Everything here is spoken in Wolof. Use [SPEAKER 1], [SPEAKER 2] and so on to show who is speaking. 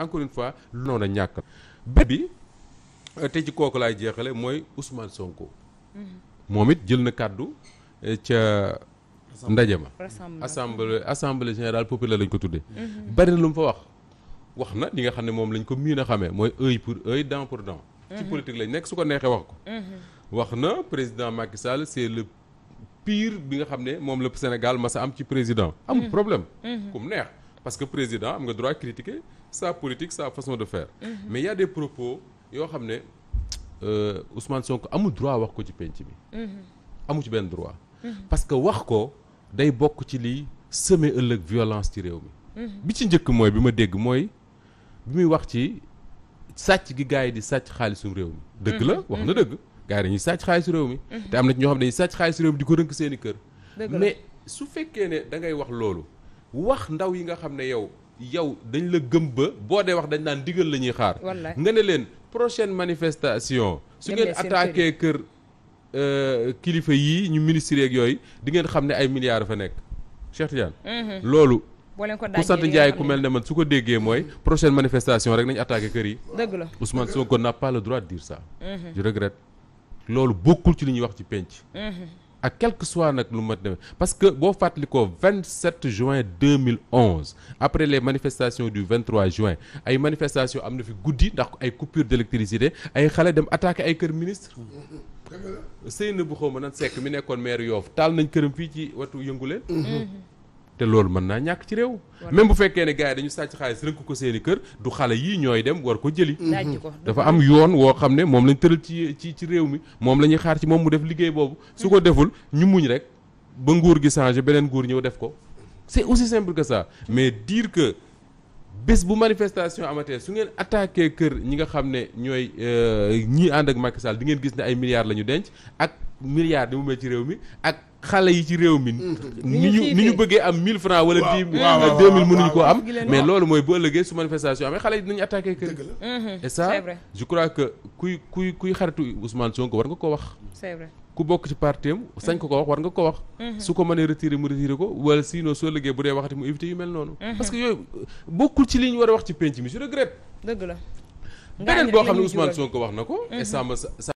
[SPEAKER 1] encore une fois lu noonu a ñàkk benn bi euh, te ci kooku laay jeexale mooy Ousmane Sonko mhm. moom it jël na euh, cadeau ci ndaje ma assemblée assemblée générale populaire lañ ko tuddé mhm. bari lu mu fa wax wax na li nga xamné mom lañ ko miin xamé moy œil pour œil dent pour dent ci mhm. politique lañ nek su ko neexee wax ko wax na président Macky Sall c'est le pire bi nga xamné mom le Sénégal mas a am ci président am problème comme mu parce que président am nga droit critiquer sa politique sa façon de faire. Mhm. mais il y a des propos yo xamné euh, Ousmane Sonko amul droit wax ko ci penc bi. Mhm. amu ci ben droit. Mhm. parce que wax ko day bok ci li semer euleuk violence ci réew mi. bi ci njëkk moy bi ma dégg moy bi muy wax ci sacc gi gaay di sacc xaalisum réew mi. dëgg la wax na dëgg gars dañuy sacc xaalisu réew mi. te am na ci ñoo xam ne dañuy xaalisu réew mi di ko rënk seeni kër. mais su fekkee ne da ngay wax loolu. wax ndaw yi nga xam ne yow yow dañ la gëm ba boo dee wax dañ naan digal la ñuy xaar nga ne leen prochaine manifestation su ngeen attaqué kër euh, kilifa yii ñu ministre yeeg yooyu di ngeen xam ne ay milliards fa nekk Cheikh Tidiane mhm. loolu ku sant Ndiaye ku mel ne man su ko déggee mooy mhm. prochaine manifestation rek nañu attaqué kër yi dëgg la Ousmane Sonko n'a pas le droit de dire ça mhm. je regrette loolu bokkul ci li ñuy wax ci penc à quel que soit notre lu parce que parce que bo fàttalikoo 27 juin 2011 après les manifestations du 23 juin ay manifestations am na fi goudi ndax ay coupures d'électricité ay xalé dem attaquer ay kër ministre sëy na bu xaw ma nan sekk mi nekkoon maire yof tal nañ ou fi ci watu yëngu leen mm-hmm. te loolu mën naa ñàkk ci réew même bu fekkee ne gars dañu sàcc xaalis rënk ko seen i kër du xale yi ñooy dem war ko jëli dafa am yoon woo xam ne moom lañ tëral ci ci ci réew mi moom la ñuy xaar ci moom mu def liggéey boobu su ko mm-hmm. deful ñu muñ rek ba nguur gi changé beneen nguur ñëw def ko c'est aussi simple que ça mais diir que bés bu manifestation amatee su ngeen attaqué kër ñi nga xam ne ñooy euh, ñii ànd ak Macky Sall di ngeen gis ne ay milliards la ñu denc ak milliards di mu ci réew mi ak xale yi ci réew mi. Mm. ni ñu ni ñu bëggee am 1000 francs wala 10 2000 mënuñu koo am. mais loolu mooy bu ëllëgee su manifestation amee xale yi dinañu attaqué kër mm-hmm. et ça je crois que kuy kuy kuy xaritu Ousmane Sonko war nga ko wax. ku bokk ci parti am sañ ko ko war nga ko wax mm-hmm. su ko mënee retiré mu retiré ko wala sinon soo liggéey bu dee waxati mu éviter yu mel noonu mm-hmm. parce que yooyu bokkul ci li ñu war a wax ci penc mi je regrette dëgg la
[SPEAKER 2] beneen boo xam ne Ousmane Sonko
[SPEAKER 1] wax na ko et sa